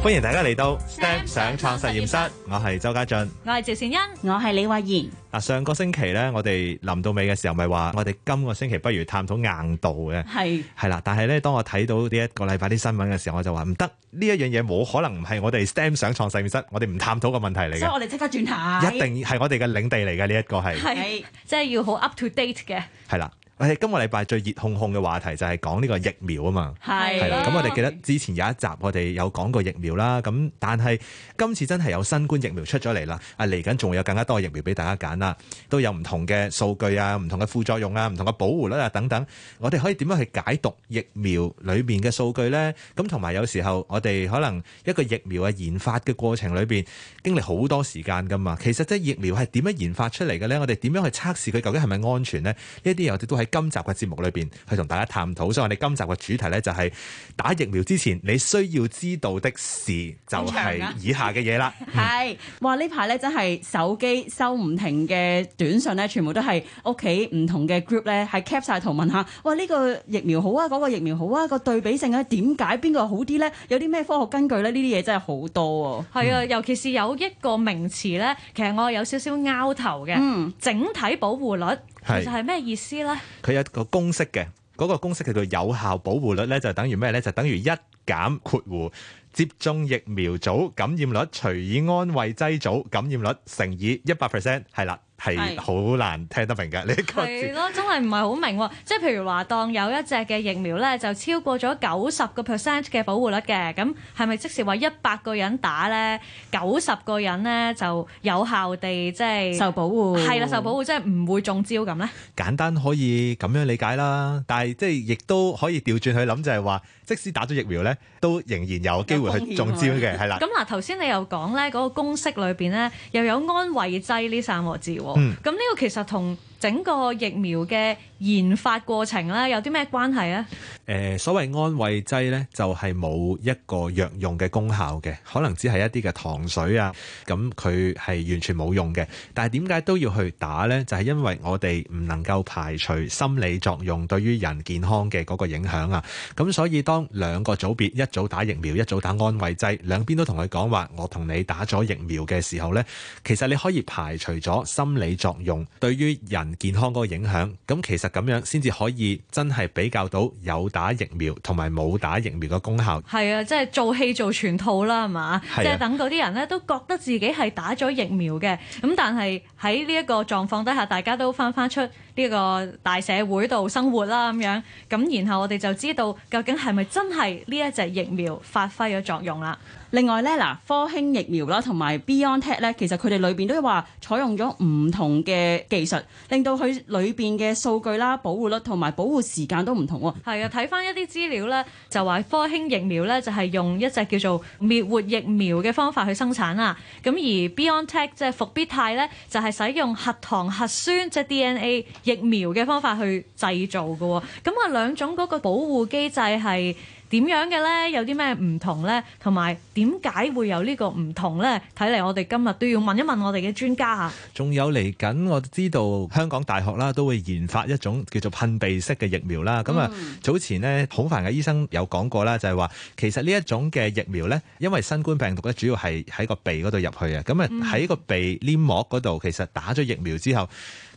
歡迎大家嚟到 STEM 想創實驗室，我係周家俊，我係趙善恩，我係李慧賢。嗱，上個星期咧，我哋臨到尾嘅時候，咪話我哋今個星期不如探討硬度嘅，係係啦。但係咧，當我睇到呢一個禮拜啲新聞嘅時候，我就話唔得，呢一樣嘢冇可能唔係我哋 STEM 想創實驗室，我哋唔探討嘅問題嚟嘅。所以我哋即刻轉頭，一定係我哋嘅領地嚟嘅呢一個係，係即係要好 up to date 嘅，係啦。我哋今個禮拜最熱烘烘嘅話題就係講呢個疫苗啊嘛，係啦。咁我哋記得之前有一集我哋有講過疫苗啦，咁但係今次真係有新冠疫苗出咗嚟啦。啊，嚟緊仲會有更加多嘅疫苗俾大家揀啦，都有唔同嘅數據啊，唔同嘅副作用啊，唔同嘅保護率啊等等。我哋可以點樣去解讀疫苗裏面嘅數據呢？咁同埋有時候我哋可能一個疫苗嘅研發嘅過程裏邊經歷好多時間噶嘛。其實即係疫苗係點樣研發出嚟嘅呢？我哋點樣去測試佢究竟係咪安全呢？呢啲我哋都係，今集嘅節目裏邊，去同大家探討，所以我哋今集嘅主題呢、就是，就係打疫苗之前你需要知道的事，就係、是、以下嘅嘢啦。係長， 嗯、哇！呢排呢，真係手機收唔停嘅短信呢，全部都係屋企唔同嘅 group 呢，係 cap 晒圖問吓，哇！呢、這個疫苗好啊，嗰、那個疫苗好啊，那個對比性咧、啊，點解邊個好啲呢？有啲咩科學根據呢？呢啲嘢真係好多。係啊，嗯、尤其是有一個名詞呢，其實我有少少拗頭嘅，嗯、整體保護率。其實係咩意思呢？佢有一個公式嘅，嗰、那個公式叫做有效保護率呢，就等於咩呢？就等於一減括弧接種疫苗組感染率除以安慰劑組感染率乘以一百 percent，係啦。係好難聽得明㗎，呢個字係咯，真係唔係好明喎。即係譬如話，當有一隻嘅疫苗咧，就超過咗九十個 percent 嘅保護率嘅，咁係咪即時話一百個人打咧，九十個人咧就有效地即係、就是、受保護？係啦，受保護即係唔會中招咁咧。簡單可以咁樣理解啦，但係即係亦都可以調轉去諗，就係話即使打咗疫苗咧，都仍然有機會去中招嘅，係啦、啊。咁 嗱了，頭先你又講咧嗰個公式裏邊咧，又有安慰劑呢三個字咁呢、嗯、個，其實同，整個疫苗嘅研發過程咧，有啲咩關係咧？誒、呃，所謂安慰劑呢，就係、是、冇一個藥用嘅功效嘅，可能只係一啲嘅糖水啊，咁佢係完全冇用嘅。但係點解都要去打呢？就係、是、因為我哋唔能夠排除心理作用對於人健康嘅嗰個影響啊。咁、嗯、所以當兩個組別，一組打疫苗，一組打安慰劑，兩邊都同佢講話，我同你打咗疫苗嘅時候呢，其實你可以排除咗心理作用對於人。健康嗰個影響，咁其實咁樣先至可以真係比較到有打疫苗同埋冇打疫苗嘅功效。係啊，即係做戲做全套啦，係嘛？即係等嗰啲人呢都覺得自己係打咗疫苗嘅，咁但係喺呢一個狀況底下，大家都翻翻出。呢個大社會度生活啦，咁樣咁，然後我哋就知道究竟係咪真係呢一隻疫苗發揮咗作用啦。另外呢，嗱科興疫苗啦，同埋 Beyond Tech 咧，其實佢哋裏邊都話採用咗唔同嘅技術，令到佢裏邊嘅數據啦、保護率保護同埋保護時間都唔同喎。係啊，睇翻一啲資料呢，就話科興疫苗呢就係用一隻叫做滅活疫苗嘅方法去生產啊。咁而 Beyond Tech 即係復必泰呢，就係、是、使用核糖核酸即係 DNA。疫苗嘅方法去製造嘅，咁啊兩種嗰個保護機制係點樣嘅呢？有啲咩唔同呢？同埋點解會有呢個唔同呢？睇嚟我哋今日都要問一問我哋嘅專家啊！仲有嚟緊，我知道香港大學啦都會研發一種叫做噴鼻式嘅疫苗啦。咁啊、嗯，早前呢，孔繁毅醫生有講過啦，就係、係、話其實呢一種嘅疫苗呢，因為新冠病毒咧主要係喺個鼻嗰度入去啊，咁啊喺個鼻黏膜嗰度，其實打咗疫苗之後。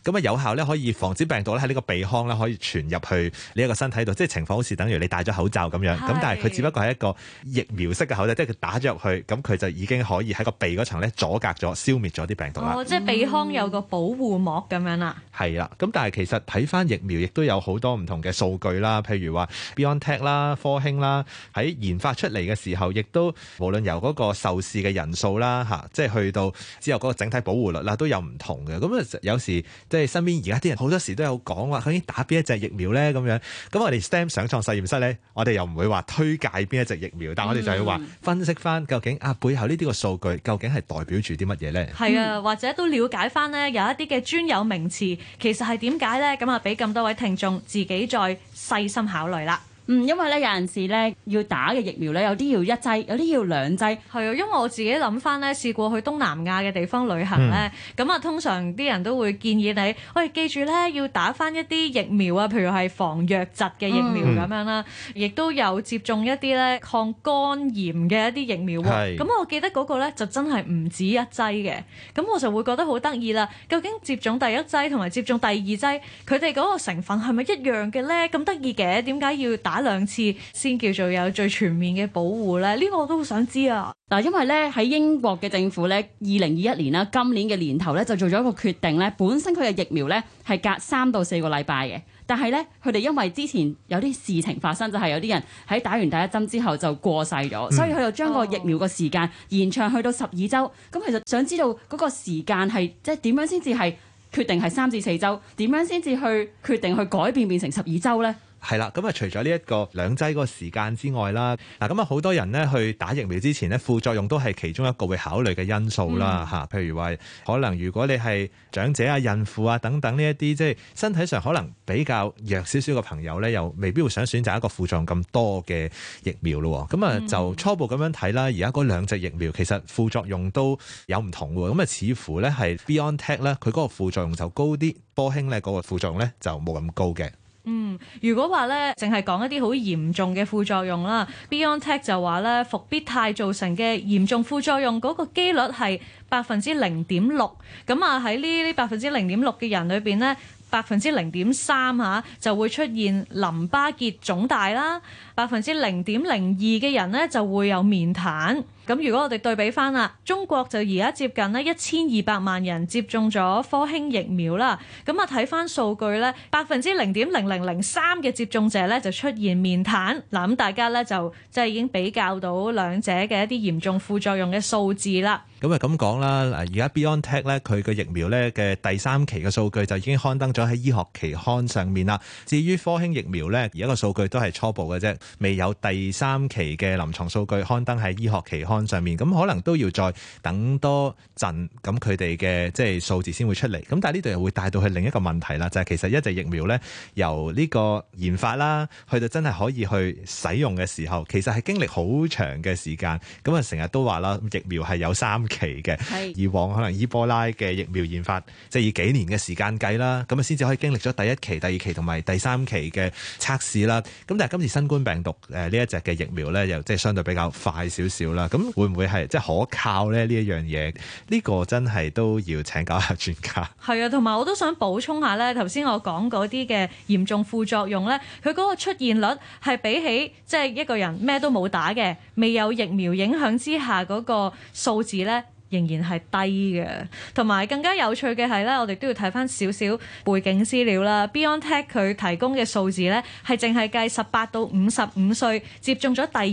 咁啊、嗯，有效咧可以防止病毒咧喺呢個鼻腔咧可以傳入去呢一個身體度，即係情況好似等於你戴咗口罩咁樣。咁是但係佢只不過係一個疫苗式嘅口罩，即係佢打咗入去，咁佢就已經可以喺個鼻嗰層咧阻隔咗、消滅咗啲病毒啦、哦。即係鼻腔有個保護膜咁樣啦、啊。係啦、嗯，咁但係其實睇翻疫苗，亦都有好多唔同嘅數據啦，譬如話 BioNTech 啦、科興啦，喺研發出嚟嘅時候，亦都無論由嗰個受試嘅人數啦，嚇，即係去到之後嗰個整體保護率啦，都有唔同嘅。咁有時。即係身邊而家啲人好多時都有講話，究竟打邊一隻疫苗呢？咁樣？咁我哋 STEM 上創實驗室呢，我哋又唔會話推介邊一隻疫苗，但係我哋就要話分析翻究竟啊背後呢啲個數據究竟係代表住啲乜嘢呢？係啊，或者都了解翻呢，有一啲嘅專有名詞，其實係點解呢？咁啊，俾咁多位聽眾自己再細心考慮啦。嗯，因為咧有陣時咧要打嘅疫苗咧，有啲要一劑，有啲要兩劑。係啊，因為我自己諗翻咧，試過去東南亞嘅地方旅行咧，咁啊、嗯、通常啲人都會建議你，喂、哎、記住咧要打翻一啲疫苗啊，譬如係防瘧疾嘅疫苗咁、嗯嗯、樣啦，亦都有接種一啲咧抗肝炎嘅一啲疫苗。係的。咁我記得嗰個咧就真係唔止一劑嘅，咁我就會覺得好得意啦。究竟接種第一劑同埋接種第二劑，佢哋嗰個成分係咪一樣嘅咧？咁得意嘅，點解要打？打兩次先叫做有最全面嘅保護咧？呢個我都好想知啊！嗱，因為咧喺英國嘅政府咧，二零二一年啦，今年嘅年頭咧就做咗一個決定咧。本身佢嘅疫苗咧係隔三到四個禮拜嘅，但係咧佢哋因為之前有啲事情發生，就係有啲人喺打完第一針之後就過世咗，嗯、所以佢就將個疫苗個時間延長去到十二週。咁其實想知道嗰個時間係即係點樣先至係決定係三至四週，點樣先至去決定去改變變成十二週咧？係啦，咁啊除咗呢一個兩劑嗰個時間之外啦，嗱咁啊好多人咧去打疫苗之前咧，副作用都係其中一個會考慮嘅因素啦，嚇、嗯。譬如話，可能如果你係長者啊、孕婦啊等等呢一啲，即係身體上可能比較弱少少嘅朋友咧，又未必會想選擇一個副作用咁多嘅疫苗咯。咁啊、嗯，就初步咁樣睇啦。而家嗰兩隻疫苗其實副作用都有唔同嘅，咁啊似乎咧係 BioNTech 咧，佢嗰個副作用就高啲，波興咧嗰個副作用咧就冇咁高嘅。嗯，如果話咧，淨係講一啲好嚴重嘅副作用啦，BioNTech 就話咧，復必泰造成嘅嚴重副作用嗰個機率係百分之零點六，咁啊喺呢啲百分之零點六嘅人裏邊咧，百分之零點三嚇就會出現淋巴結腫大啦。百分之零點零二嘅人呢，就會有面癱。咁如果我哋對比翻啦，中國就而家接近呢一千二百萬人接種咗科興疫苗啦。咁啊睇翻數據呢，百分之零點零零零三嘅接種者呢，就出現面癱。嗱咁大家呢，就即係已經比較到兩者嘅一啲嚴重副作用嘅數字啦。咁啊咁講啦，嗱而家 Beyond Tech 呢，佢嘅疫苗呢嘅第三期嘅數據就已經刊登咗喺醫學期刊上面啦。至於科興疫苗呢，而家個數據都係初步嘅啫。未有第三期嘅臨床數據刊登喺醫學期刊上面，咁可能都要再等多陣，咁佢哋嘅即係數字先會出嚟。咁但係呢度又會帶到去另一個問題啦，就係、是、其實一隻疫苗咧，由呢個研發啦，去到真係可以去使用嘅時候，其實係經歷好長嘅時間，咁啊，成日都話啦，疫苗係有三期嘅。是以往可能伊波拉嘅疫苗研發即係、就是、以幾年嘅時間計啦，咁啊先至可以經歷咗第一期、第二期同埋第三期嘅測試啦，咁但係今次新冠病病毒誒呢一隻嘅疫苗咧，又即係相對比較快少少啦。咁會唔會係即係可靠咧？呢一樣嘢呢個真係都要請教下專家。係啊，同埋我都想補充下咧，頭先我講嗰啲嘅嚴重副作用咧，佢嗰個出現率係比起即係一個人咩都冇打嘅未有疫苗影響之下嗰個數字咧。仍然係低嘅，同埋更加有趣嘅係咧，我哋都要睇翻少少背景資料啦。BioNTech 佢提供嘅數字咧，係淨係計十八到五十五歲接種咗第二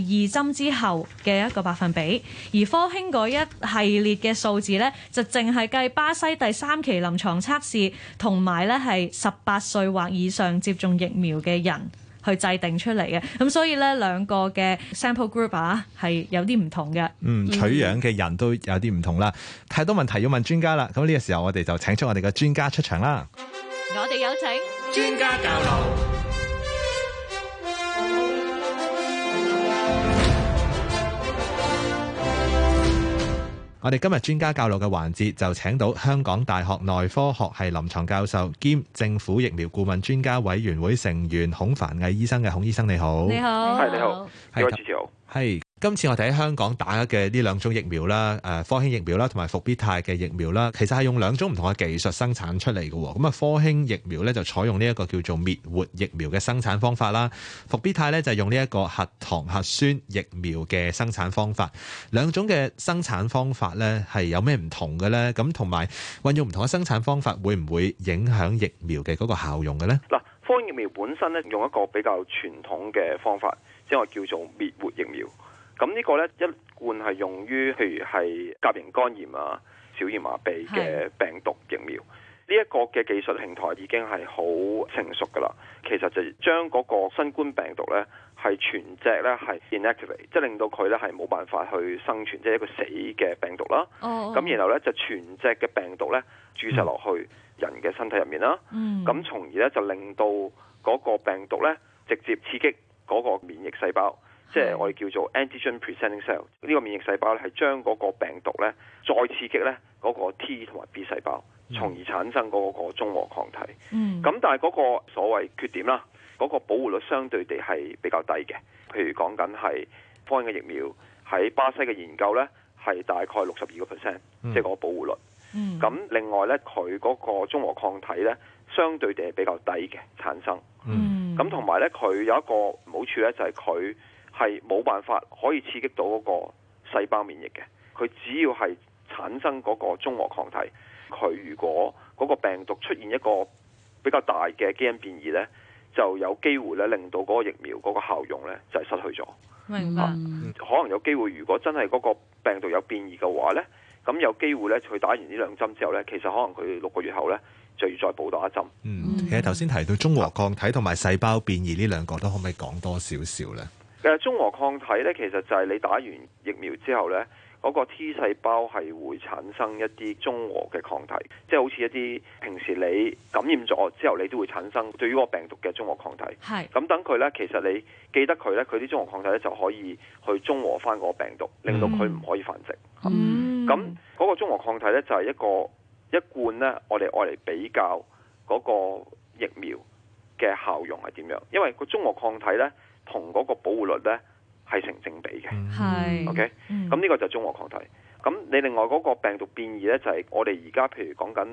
針之後嘅一個百分比，而科興嗰一系列嘅數字咧，就淨係計巴西第三期臨床測試同埋咧係十八歲或以上接種疫苗嘅人，去制定出嚟嘅，咁所以咧兩個嘅 sample group 啊係有啲唔同嘅。嗯，取樣嘅人都有啲唔同啦。太多、嗯、問題要問專家啦。咁呢個時候我哋就請出我哋嘅專家出場啦。我哋有請專家教路。我哋今日專家教路嘅環節就請到香港大學內科學系臨床教授兼政府疫苗顧問專家委員會成員，孔繁毅醫生嘅，孔醫生你好。你好。係，你好。Hi, 你好志超。係。今次我哋喺香港打嘅呢兩種疫苗啦，誒科興疫苗啦，同埋復必泰嘅疫苗啦，其實係用兩種唔同嘅技術生產出嚟嘅。咁啊，科興疫苗咧就採用呢一個叫做滅活疫苗嘅生產方法啦，復必泰咧就用呢一個核糖核酸疫苗嘅生產方法。兩種嘅生產方法咧係有咩唔同嘅咧？咁同埋運用唔同嘅生產方法會唔會影響疫苗嘅嗰個效用嘅咧？嗱，科興疫苗本身咧用一個比較傳統嘅方法，即係叫做滅活疫苗。咁呢個呢，一貫係用於譬如係甲型肝炎啊、小兒麻痹嘅病毒疫苗，呢一個嘅技術平台已經係好成熟噶啦。其實就將嗰個新冠病毒呢，係全隻呢係 inactivate，即係令到佢呢係冇辦法去生存，即係一個死嘅病毒啦。咁然後呢，就全隻嘅病毒呢注射落去人嘅身體入面啦。咁從而呢，就令到嗰個病毒呢直接刺激嗰個免疫細胞。即係我哋叫做 antigen presenting cell，呢個免疫細胞咧係將嗰個病毒咧再刺激咧嗰個 T 同埋 B 細胞，從而產生嗰個中和抗體。嗯。咁但係嗰個所謂缺點啦，嗰個保護率相對地係比較低嘅。譬如講緊係科興嘅疫苗喺巴西嘅研究咧，係大概六十二個 percent，即係個保護率。嗯。咁另外咧，佢嗰個中和抗體咧，相對地係比較低嘅產生。嗯。咁同埋咧，佢有，有一個唔好處咧，就係佢。係冇辦法可以刺激到嗰個細胞免疫嘅，佢只要係產生嗰個中和抗體，佢如果嗰個病毒出現一個比較大嘅基因變異呢，就有機會咧令到嗰個疫苗嗰個效用呢就係失去咗。明白。啊，可能有機會，如果真係嗰個病毒有變異嘅話呢，咁有機會呢，佢打完呢兩針之後呢，其實可能佢六個月後呢就要再補打一針。嗯，其實頭先提到中和抗體同埋細胞變異呢兩個都可唔可以講多少少呢？嘅中和抗體咧，其實就係你打完疫苗之後咧，嗰個 T 細胞係會產生一啲中和嘅抗體，即係好似一啲平時你感染咗之後，你都會產生對於個病毒嘅中和抗體。係。咁等佢咧，其實你記得佢咧，佢啲中和抗體咧就可以去中和翻個病毒，令到佢唔可以繁殖。嗯。咁嗰個中和抗體咧，就係一個一罐咧，我哋愛嚟比較嗰個疫苗嘅效用係點樣？因為個中和抗體咧。同嗰個保護率呢係成正比嘅，係 OK 咁呢個就中和抗體。咁你另外嗰個病毒變異呢，就係、是、我哋而家譬如講緊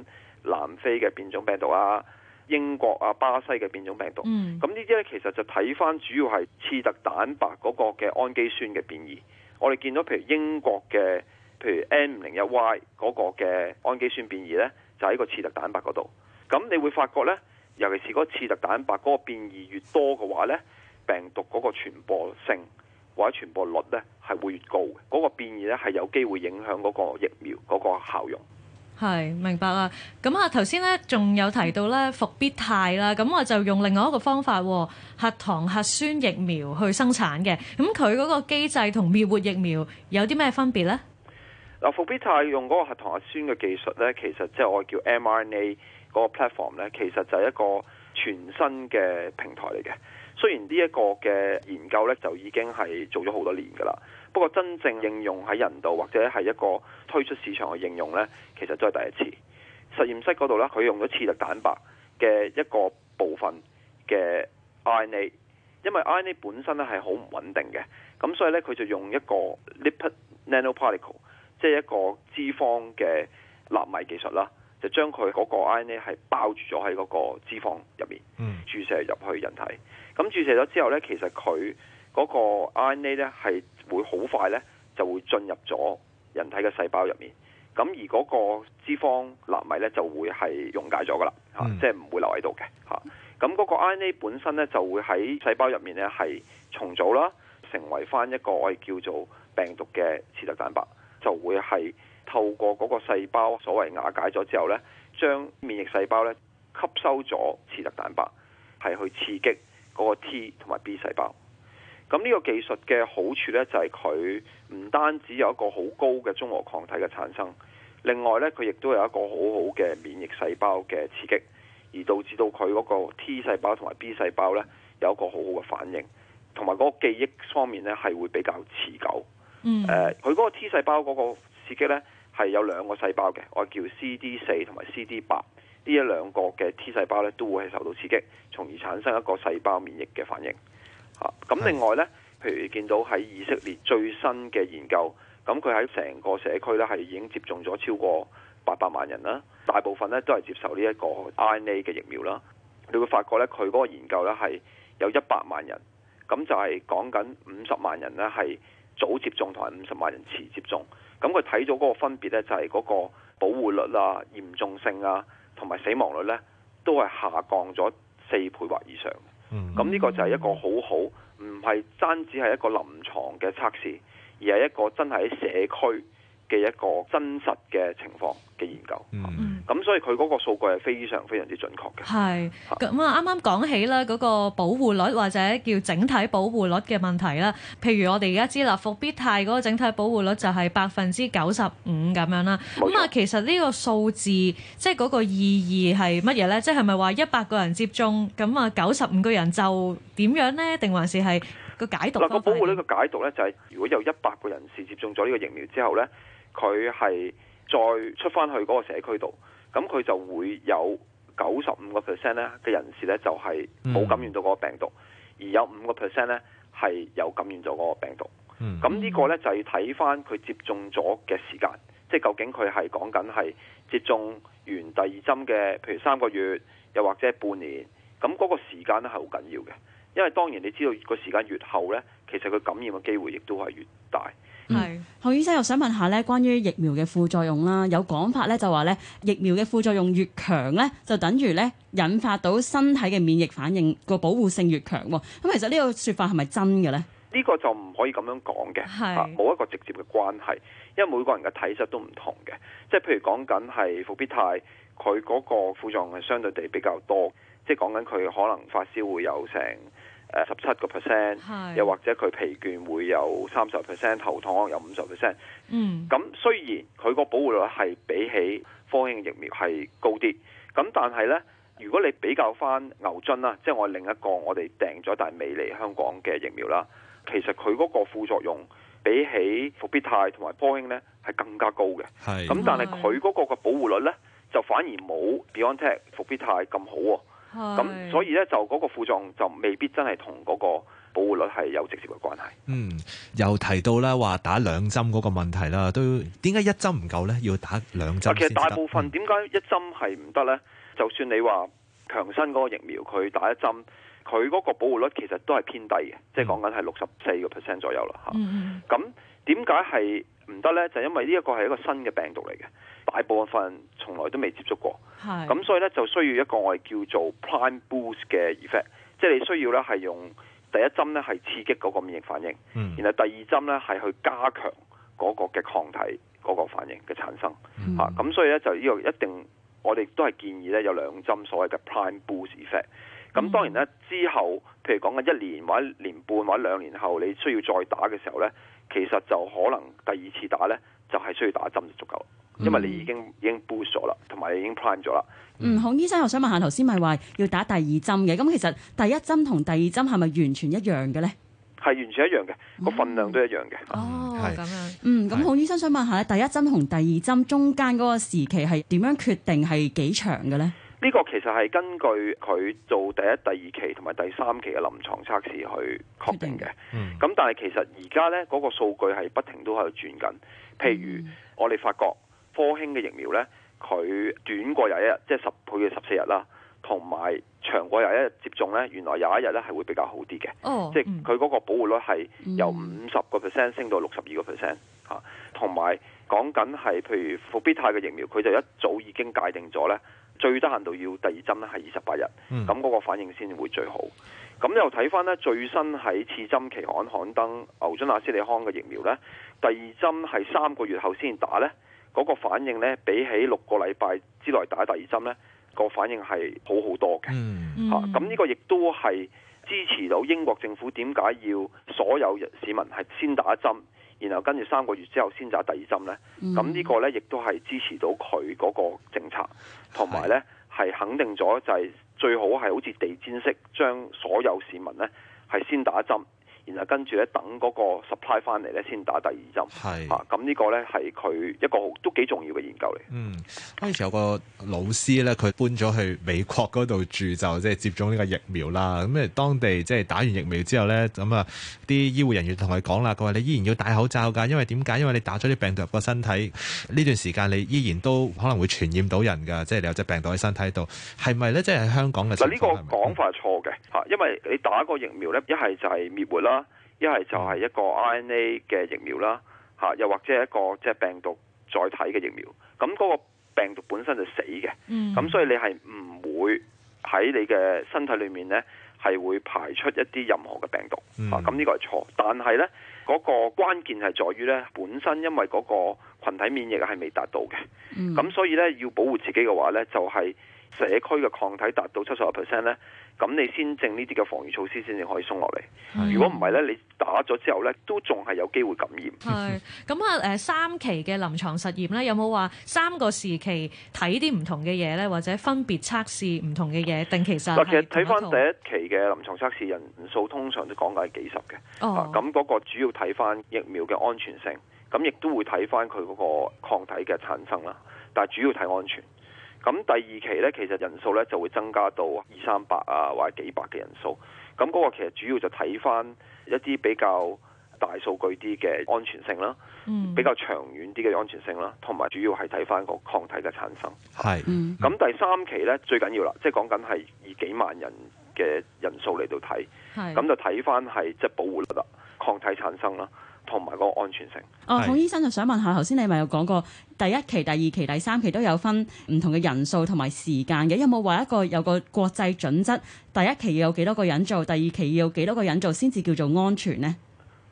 南非嘅變種病毒啊、英國啊、巴西嘅變種病毒。咁呢啲呢，其實就睇返主要係刺突蛋白嗰個嘅氨基酸嘅變異。我哋見到譬如英國嘅，譬如 N 零一 Y 嗰個嘅氨基酸變異呢，就喺、是、個刺突蛋白嗰度。咁你會發覺呢，尤其是嗰個刺突蛋白嗰個變異越多嘅話呢。病毒嗰個傳播性或者傳播率咧，係會越高嘅。嗰、嗰個變異咧，係有機會影響嗰個疫苗嗰個效用。係，明白喇。咁啊，頭先咧仲有提到咧復必泰啦，咁我就用另外一個方法核糖核酸疫苗去生產嘅。咁佢嗰個機制同滅活疫苗有啲咩分別咧？嗱，復必泰用嗰個核糖核酸嘅技術咧，其實即係我叫 mRNA 嗰個 platform 咧，其實就係一個全新嘅平台嚟嘅。雖然呢一個嘅研究咧就已經係做咗好多年㗎啦，不過真正應用喺人度或者係一個推出市場嘅應用咧，其實都係第一次。實驗室嗰度咧，佢用咗刺突蛋白嘅一個部分嘅 RNA，因為 RNA 本身咧係好唔穩定嘅，咁所以咧佢就用一個 lipid nanoparticle，即係一個脂肪嘅納米技術啦。就將佢嗰個 RNA 係包住咗喺嗰個脂肪入面，注射入去人體。咁注射咗之後咧，其實佢嗰個 RNA 咧係會好快咧就會進入咗人體嘅細胞入面。咁而嗰個脂肪納米咧就會係溶解咗噶啦，嚇、嗯，即係唔會留喺度嘅嚇。咁嗰個 RNA 本身咧就會喺細胞入面咧係重組啦，成為返一個我哋叫做病毒嘅刺突蛋白，就會係。透過嗰個細胞所謂瓦解咗之後呢，將免疫細胞呢，吸收咗刺突蛋白，係去刺激嗰個 T 同埋 B 細胞。咁呢個技術嘅好處呢，就係佢唔單止有一個好高嘅中和抗體嘅產生，另外呢，佢亦都有一個好好嘅免疫細胞嘅刺激，而導致到佢嗰個 T 細胞同埋 B 細胞呢，有一個好好嘅反應，同埋嗰個記憶方面呢，係會比較持久。佢、呃、嗰個 T 細胞嗰個刺激呢。係有兩個細胞嘅，我叫 CD 四同埋 CD 八呢一兩個嘅 T 細胞咧，都會係受到刺激，從而產生一個細胞免疫嘅反應。咁、啊、另外呢，譬如你見到喺以色列最新嘅研究，咁佢喺成個社區呢係已經接種咗超過八百萬人啦，大部分呢都係接受呢一個 mRNA 嘅疫苗啦。你會發覺呢，佢嗰個研究呢係有一百萬人，咁就係講緊五十萬人呢係早接種同埋五十萬人遲接種。咁佢睇咗嗰個分別咧，就係、是、嗰個保護率啊、嚴重性啊，同埋死亡率咧，都係下降咗四倍或以上。咁呢、嗯嗯嗯、個就係一個好好，唔係單止係一個臨床嘅測試，而係一個真係喺社區嘅一個真實嘅情況嘅研究，咁、嗯啊、所以佢嗰個數據係非常非常之準確嘅。係咁是啊！啱啱講起啦，嗰個保護率或者叫整體保護率嘅問題啦，譬如我哋而家知啦，復必泰嗰個整體保護率就係百分之九十五咁樣啦。咁錯啊，其實呢個數字即係嗰個意義係乜嘢呢？即係咪話一百個人接種，咁啊九十五個人就點樣呢？定還是係個解讀？嗱，個保護率嘅解讀呢、就是，就係如果有一百個人士接種咗呢個疫苗之後呢。佢係再出翻去嗰個社區度，咁佢就會有九十五個 percent 咧嘅人士咧就係冇感染到嗰個病毒，而有五個 percent 咧係有感染咗嗰個病毒。咁呢個咧就要睇翻佢接種咗嘅時間，即係究竟佢係講緊係接種完第二針嘅，譬如三個月，又或者半年，咁嗰個時間咧係好緊要嘅。因為當然你知道個時間越後咧，其實佢感染嘅機會亦都係越大。係是、嗯，孔醫生又想問下咧，關於疫苗嘅副作用啦，有講法咧就話咧，疫苗嘅副作用越強咧，就等於咧引發到身體嘅免疫反應個保護性越強喎。咁、嗯、其實個說是是呢個說法係咪真嘅咧？呢個就唔可以咁樣講嘅，係冇是一個直接嘅關係，因為每個人嘅體質都唔同嘅。即係譬如講緊係復必泰，佢嗰個副作用係相對地比較多，即係講緊佢可能發燒會有成，誒十七個 percent，又或者佢疲倦會有三十 percent 頭痛，有五十 percent。嗯，咁雖然佢個保護率係比起科興疫苗係高啲，咁但係呢，如果你比較返牛津啦，即係我另一個我哋訂咗但係未嚟香港嘅疫苗啦，其實佢嗰個副作用比起復必泰同埋科興呢，係更加高嘅。咁但係佢嗰個嘅保護率呢，就反而冇 BioNTech 復必泰咁好喎、啊。咁所以咧，就嗰個負重就未必真係同嗰個保護率係有直接嘅關係。嗯，又提到咧話打兩針嗰個問題啦，都點解一針唔夠呢？要打兩針。其實大部分點解、嗯、一針係唔得呢？就算你話強生嗰個疫苗，佢打一針。佢嗰個保護率其實都係偏低嘅，即係講緊係六十四個 percent 左右啦嚇。咁點解係唔得呢？就因為呢一個係一個新嘅病毒嚟嘅，大部分從來都未接觸過。咁是所以呢，就需要一個我哋叫做 prime boost 嘅 effect，即係你需要呢係用第一針呢係刺激嗰個免疫反應，mm hmm. 然後第二針呢係去加強嗰個嘅抗體嗰個反應嘅產生嚇。咁、mm hmm. 啊、所以呢，就呢個一定，我哋都係建議呢，有兩針所謂嘅 prime boost effect。咁、嗯、當然咧，之後譬如講緊一年或者一年半或者兩年後，你需要再打嘅時候咧，其實就可能第二次打咧，就係、是、需要打一針就足夠，因為你已經已經 boost 咗啦，同埋你已經 prime 咗啦。嗯，孔醫生，我想問下，頭先咪話要打第二針嘅，咁其實第一針同第二針係咪完全一樣嘅咧？係完全一樣嘅，嗯、個份量都一樣嘅。哦，係咁樣是。嗯，咁孔醫生想問下是第一針同第二針中間嗰個時期係點樣決定係幾長嘅咧？呢個其實係根據佢做第一、第二期同埋第三期嘅臨床測試去確定嘅。咁、嗯、但係其實而家呢嗰、嗰個數據係不停都喺度轉緊。譬如我哋發覺科興嘅疫苗呢，佢短過廿一日，即係十倍嘅十四日啦，同埋長過廿一日接種呢，原來廿一日呢係會比較好啲嘅。哦嗯、即係佢嗰個保護率係由五十個 percent 升到六十二個 percent 嚇，同埋講緊係譬如復必泰嘅疫苗，佢就一早已經界定咗呢。最得閒度要第二針咧，係二十八日，咁嗰個反應先會最好。咁又睇返咧，最新喺次針期刊，刊登牛津阿斯利康嘅疫苗咧，第二針係三個月後先打呢嗰、嗰個反應呢，比起六個禮拜之內打第二針呢，嗰個反應係好好多嘅。嚇、嗯，咁呢、啊、個亦都係支持到英國政府點解要所有市民係先打針。然後跟住三個月之後先打第二針呢。咁呢個呢、嗯，亦都係支持到佢嗰個政策，同埋呢，係係肯定咗就係最好係好似地氈式，將所有市民呢，係先打針。然後跟住咧，等嗰個 supply 翻嚟咧，先打第二針。係是啊，咁、這、呢個咧係佢一個都幾重要嘅研究嚟。嗯，之前有個老師咧，佢搬咗去美國嗰度住，就即、是、係接種呢個疫苗啦。咁、嗯、誒，當地即係打完疫苗之後咧，咁、嗯、啊，啲醫護人員同佢講啦，佢話你依然要戴口罩㗎，因為點解？因為你打咗啲病毒入個身體，呢段時間你依然都可能會傳染到人㗎，即、就、係、是、你有隻病毒喺身體度。係咪咧？即、就、係、是、喺香港嘅？就呢這個講法係錯嘅嚇，因為你打個疫苗咧，一係就係滅活啦。一係就係一個 RNA 嘅疫苗啦，嚇，又或者一個即係病毒載體嘅疫苗，咁嗰個病毒本身就死嘅。咁、嗯、所以你係唔會喺你嘅身體裏面呢係會排出一啲任何嘅病毒，嚇、嗯，咁呢、啊、個係錯。但係呢嗰、那個關鍵係在於呢本身因為嗰個羣體免疫係未達到嘅，咁、嗯、所以呢，要保護自己嘅話呢，就係、是。社區嘅抗體達到七十五 percent 咧，咁你先正呢啲嘅防禦措施先至可以鬆落嚟。如果唔係咧，你打咗之後咧，都仲係有機會感染。係咁啊！誒、 呃、三期嘅臨床實驗咧，有冇話三個時期睇啲唔同嘅嘢咧，或者分別測試唔同嘅嘢定其實？嗱，其實睇翻第一期嘅臨床測試人數，通常都講緊係幾十嘅。哦，咁嗰、啊、個主要睇翻疫苗嘅安全性，咁亦都會睇翻佢嗰個抗體嘅產生啦。但係主要睇安全。咁第二期咧，其實人數咧就會增加到二三百啊，或者幾百嘅人數。咁嗰個其實主要就睇翻一啲比較大數據啲嘅安全性啦，嗯，比較長遠啲嘅安全性啦，同埋主要係睇翻個抗體嘅產生。係是，咁第三期咧最緊要啦，即係講緊係以幾萬人嘅人數嚟到睇，咁是就睇翻係即係保護率啦、抗體產生啦。同埋個安全性。哦，孔醫生就想問下，頭先你咪有講過第一期、第二期、第三期都有分唔同嘅人數同埋時間嘅，有冇話一個有個國際準則？第一期要有幾多個人做？第二期要有幾多個人做先至叫做安全呢？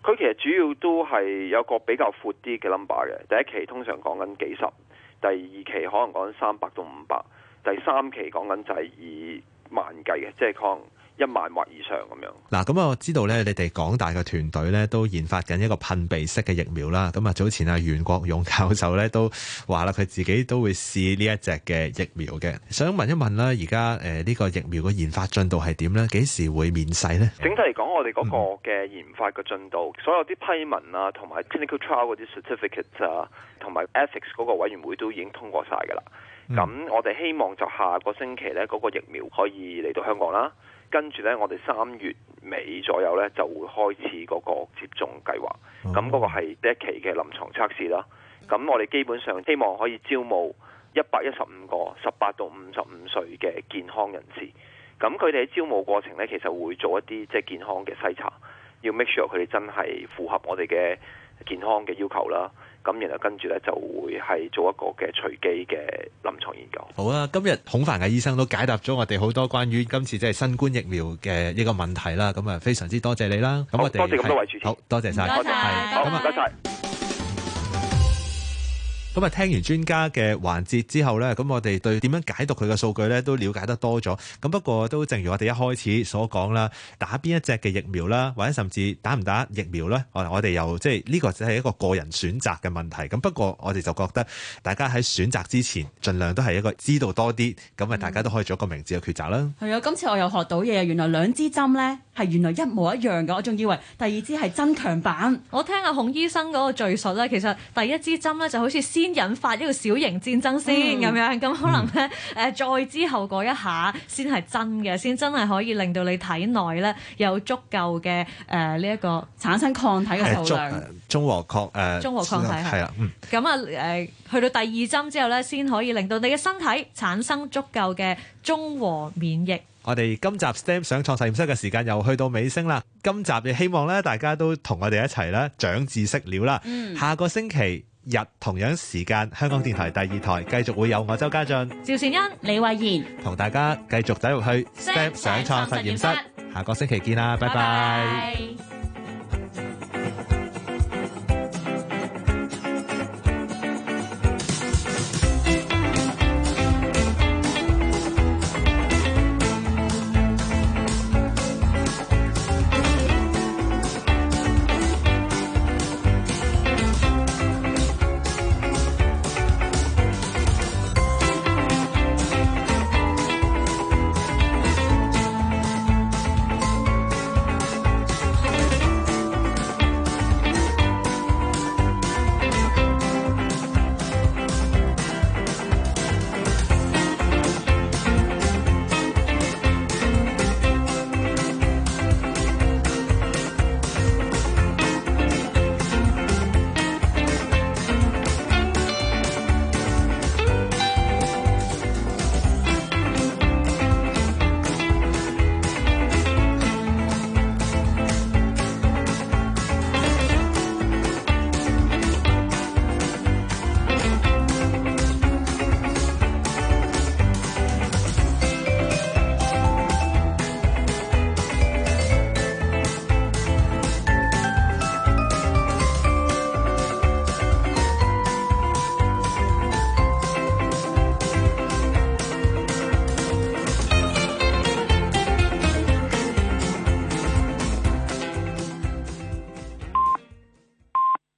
佢其實主要都係有個比較闊啲嘅 number 嘅。第一期通常講緊幾十，第二期可能講緊三百到五百，第三期講緊就係以萬計嘅，即係可能。一萬或以上咁樣。嗱、啊，咁、嗯、啊，我知道咧，你哋港大嘅團隊咧都研發緊一個噴鼻式嘅疫苗啦。咁、嗯、啊，早前阿袁國勇教授咧都話啦，佢自己都會試呢一隻嘅疫苗嘅。想問一問啦、啊，而家誒呢個疫苗嘅研發進度係點咧？幾時會面世咧？整體嚟講，我哋嗰個嘅研發嘅進度，嗯、所有啲批文啊，同埋 clinical trial 嗰啲 certificate 啊，同埋 ethics 嗰個委員會都已經通過晒噶啦。咁、嗯、我哋希望就下個星期咧，嗰、那個疫苗可以嚟到香港啦。跟住呢，我哋三月尾左右呢，就會開始嗰個接種計劃，咁嗰個係第一期嘅臨床測試啦。咁我哋基本上希望可以招募一百一十五個十八到五十五歲嘅健康人士。咁佢哋喺招募過程呢，其實會做一啲即係健康嘅篩查，要 make sure 佢哋真係符合我哋嘅健康嘅要求啦。咁然後跟住咧就會係做一個嘅隨機嘅臨牀研究。好啊，今日孔繁毅醫生都解答咗我哋好多關於今次即係新冠疫苗嘅一個問題啦。咁啊，非常之多謝你啦。咁我哋多謝各位主持好多謝曬，多謝，好，多謝。咁啊，聽完專家嘅環節之後呢，咁我哋對點樣解讀佢嘅數據呢都了解得多咗。咁不過都正如我哋一開始所講啦，打邊一隻嘅疫苗啦，或者甚至打唔打疫苗呢，我我哋又即係呢個只係一個個人選擇嘅問題。咁不過我哋就覺得大家喺選擇之前，盡量都係一個知道多啲，咁啊，大家都可以做一個明智嘅抉擇啦。係啊，嗯，今次我又學到嘢，原來兩支針呢。係原來一模一樣㗎，我仲以為第二支係增強版。 我聽阿孔醫生嗰個敘述咧，其實第一支針咧就好似先引發一個小型戰爭先咁、嗯、樣，咁可能咧誒再之後過一下先係真嘅，先真係可以令到你體內咧有足夠嘅誒呢一個產生抗體嘅數量，中和抗誒，呃、中和抗體係啊，咁啊誒去到第二針之後咧，先可以令到你嘅身體產生足夠嘅中和免疫。我哋今集 STEM 想創實驗室嘅時間又去到尾聲啦，今集亦希望咧大家都同我哋一齊咧長知識了啦。嗯、下個星期日同樣時間，香港電台第二台繼續會有我周家俊、趙善恩、李慧賢同大家繼續走入去 STEM 想創實驗室。下個星期見啦，拜拜。拜拜。